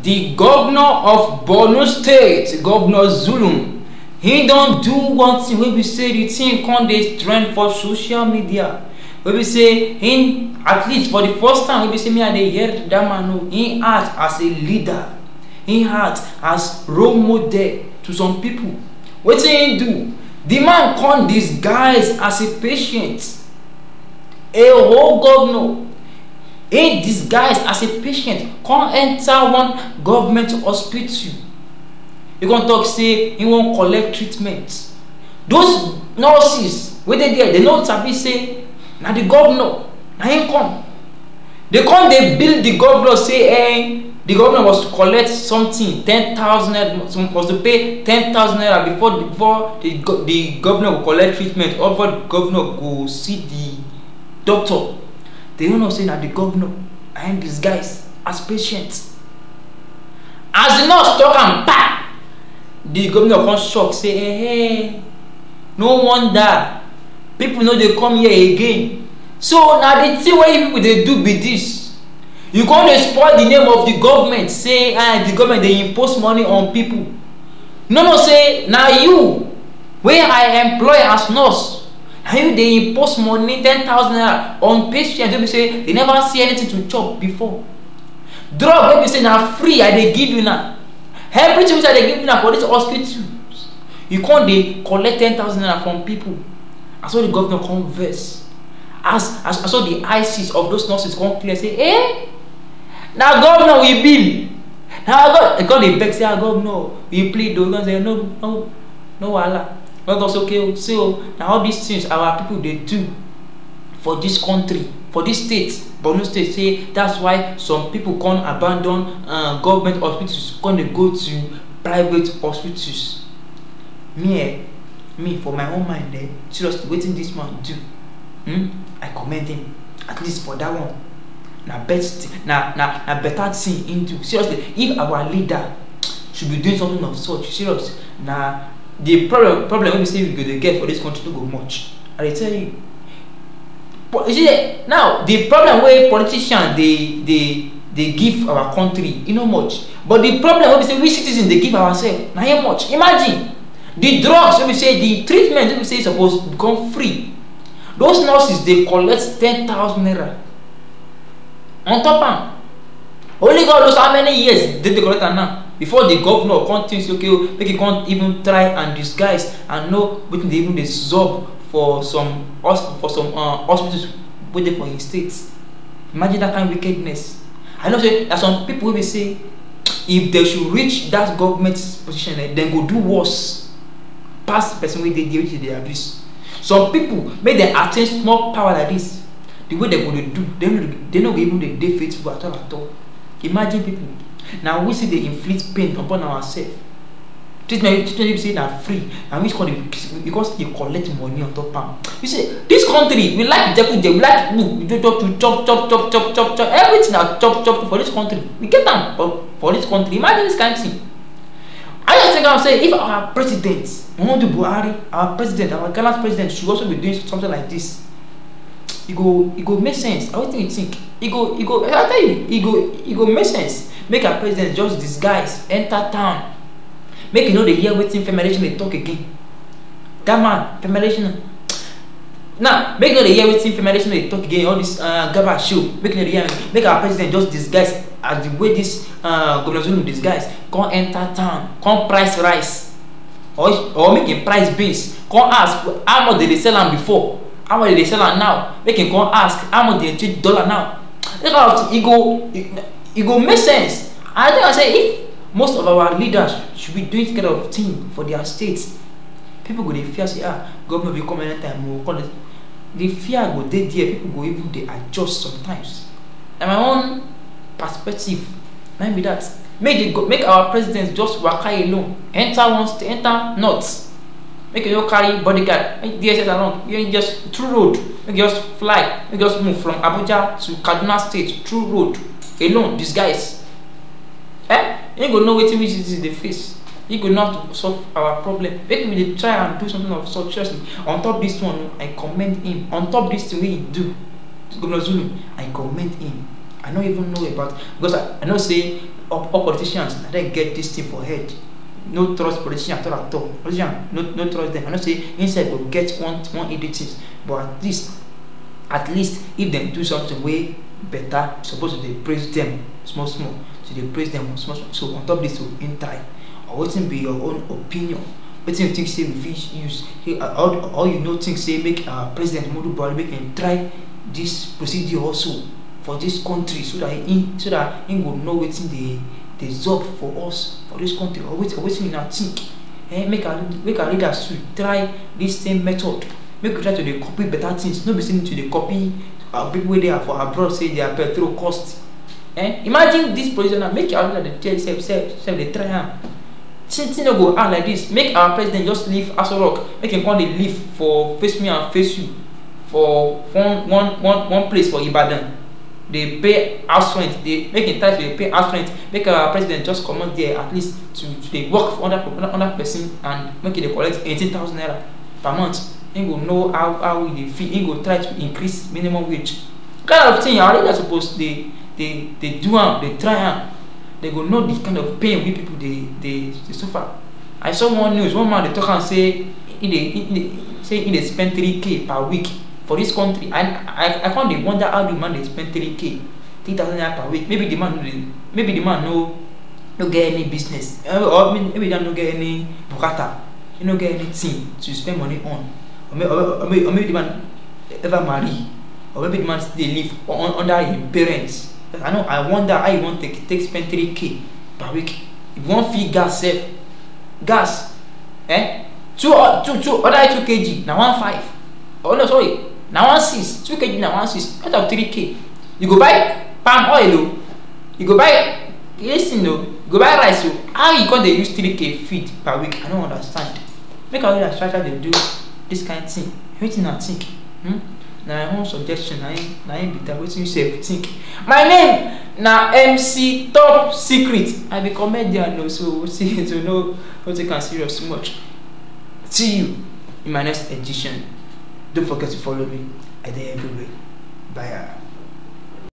the governor of borno state governor zulum he don do one thing wey be say the thing come dey trend for social media wey be say him at least for the first time wey be say me i dey hear that man o him act as a leader him act as role model to some people wetin him do the man come disguise as a patient a whole governor in disguise as a patient come enter one government hospital you come talk say you wan collect treatment those nurses wey dey there they no sabi say na the governor na him come they come dey bill the governor say eh the governor to collect something ten thousand naira was to pay ten thousand naira before the, before the, the governor go collect treatment or before the governor go see the doctor they no know say na di govnor dis guys as patients as di nurse talk am pa di govnor come shock say hey, eh, eh, no wonder people no dey come here again so na di tin wey pipo dey do be dis you go dey spoil di name of di govment say di ah, govment dey impose money on pipo no know say na you wey i employ as nurse. and you dey post money ten thousand naira on patient wey be say they never see anything to chop before drug wey be say na free i dey give you now everything wey i dey give you na for this hospital you come dey collect ten thousand naira from people na so the governor come vex as as so the ICs of those nurses come clear say eh na governor we bill na god god dey beg say ah governor we plead o oh. god say no no no wahala. No, When God say, okay, so now all these things our people they do for this country, for this state, Borno State, say that's why some people can't abandon uh, government hospitals, can't go to private hospitals. Me, eh, me for my own mind, eh, seriously, waiting this man do. Hmm? I commend him, at least for that one. Now, best, now, now, now better thing into seriously. If our leader should be doing something of such, serious, now the problem problem wey we go dey get for dis country no go much i dey tell you you see now the problem wey politicians dey dey dey give our country e no much but the problem wey be say we citizens dey give ourselves na here much imagine the drugs wey be say the treatment wey be say suppose become free those nurses dey collect 10000 naira on top am only god knows how many years dem dey collect am now. before the governor come think say okay oh, make e come even try and disguise and know wetin dey even dey sup for some for some uh, hospitals wey dey for im state imagine that kind of wickedness i know say na some people wey be say if dem should reach that government position dem eh, go do worse pass person wey dey there which dey abuse some people make dem attain small power like this. The way dem go dey do dem no go even dey faithful at all at all imagine people na we see dey inflict pain upon ourselves treatment treatment wey be say na free na which country because dey collect money on top am you see this country we like jekuje we like book we just chop chop chop chop chop chop everything na chop chop for this country we get am for for this country imagine this kind thing i just think am say if our president muhammadu buhari our president our gallant president should also be doing something like this e go e go make sense i wetin you think e go e go i tell you e go e go make sense make our president just disguise enter town make you no dey hear wetin femelation dey talk again That man femelation now make you no dey hear wetin femelation dey talk again all this uh, gaba show make you no dey hear make our president just disguise as the way this uh, governor zulu disguise come enter town come price rice or or make him price beans come ask how much they dey sell am before how much they dey sell am now make him come ask how much they dey treat dollar now that out! of thing go. It go make sense. I think I say if most of our leaders should be doing kind of thing for their states, people go dey fear say ah government will come anytime we will call it. The fear go dead there. People go even they adjust sometimes. And my own perspective, might be that make the go make our president just walk alone enter once, state enter not. make you no carry bodyguard make dss along you just through road make you just fly make you just move from abuja to kaduna state through road alone disguise eh you go know wetin which is the face you go know how to solve our problem make we dey try and do something of success on top this one i commend him on top this thing wey he do governor zulu i commend him i no even know about because i, I know say all, all politicians na dem get this thing for head no trust politician at all at all politician no no trust them i know say inside go get one one idiot but at least at least if dem do something wey better you're supposed to dey praise them small small to dey praise them small small so on top of this to in try or wetin be your own opinion wetin you think say we fit use uh, all all you know think say make uh, president muhammadu buhari make him try this procedure also for this country so that he so that he go know wetin dey dey sup for us for this country or wetin or wetin una think eh make our make our leaders too try this same method make we try to dey copy better things no be say to dey copy uh, people there dey for abroad say are petrol cost eh imagine this position make our president dey try since go out like this. make our president just leave a rock make him come dey live for face me and face you for one one one one place for ibadan They pay as rent They make him tithe They pay house rent make our president just out there at least to to dey work for under person and make the collect eighteen naira per month He go know how how they feel. He go try to increase minimum wage. Kind of thing already they suppose they they they do have, they try They go know the kind of pain we people they they, they suffer. I saw one news, one man they talk and say in the, say in the spend three k per week for this country. And I I found they wonder how the man they spend three k, three thousand per week. Maybe the man maybe the man know no get any business or maybe they no get any bukata. You no get anything to spend money on. maybe the man ever marry or maybe the man still live under him parents i know i wonder how you wan take take spend three k per week you wan feed gas sef gas eh two uh, two two other two kg na one five oh no sorry na one six two kg na one six out of three k you go buy palm oil o oh. you go buy listen o you go buy rice o oh. how you come dey use three k feed per week i no understand make i know that strategy dey do. This kind kain tin wetin na think hmm? na my own suggestion na im na im be that wetin you sef think my name na mc top secret i be comedian o so see to know no take am serious too much see you in my next edition don't forget to follow me i dey everywhere bye.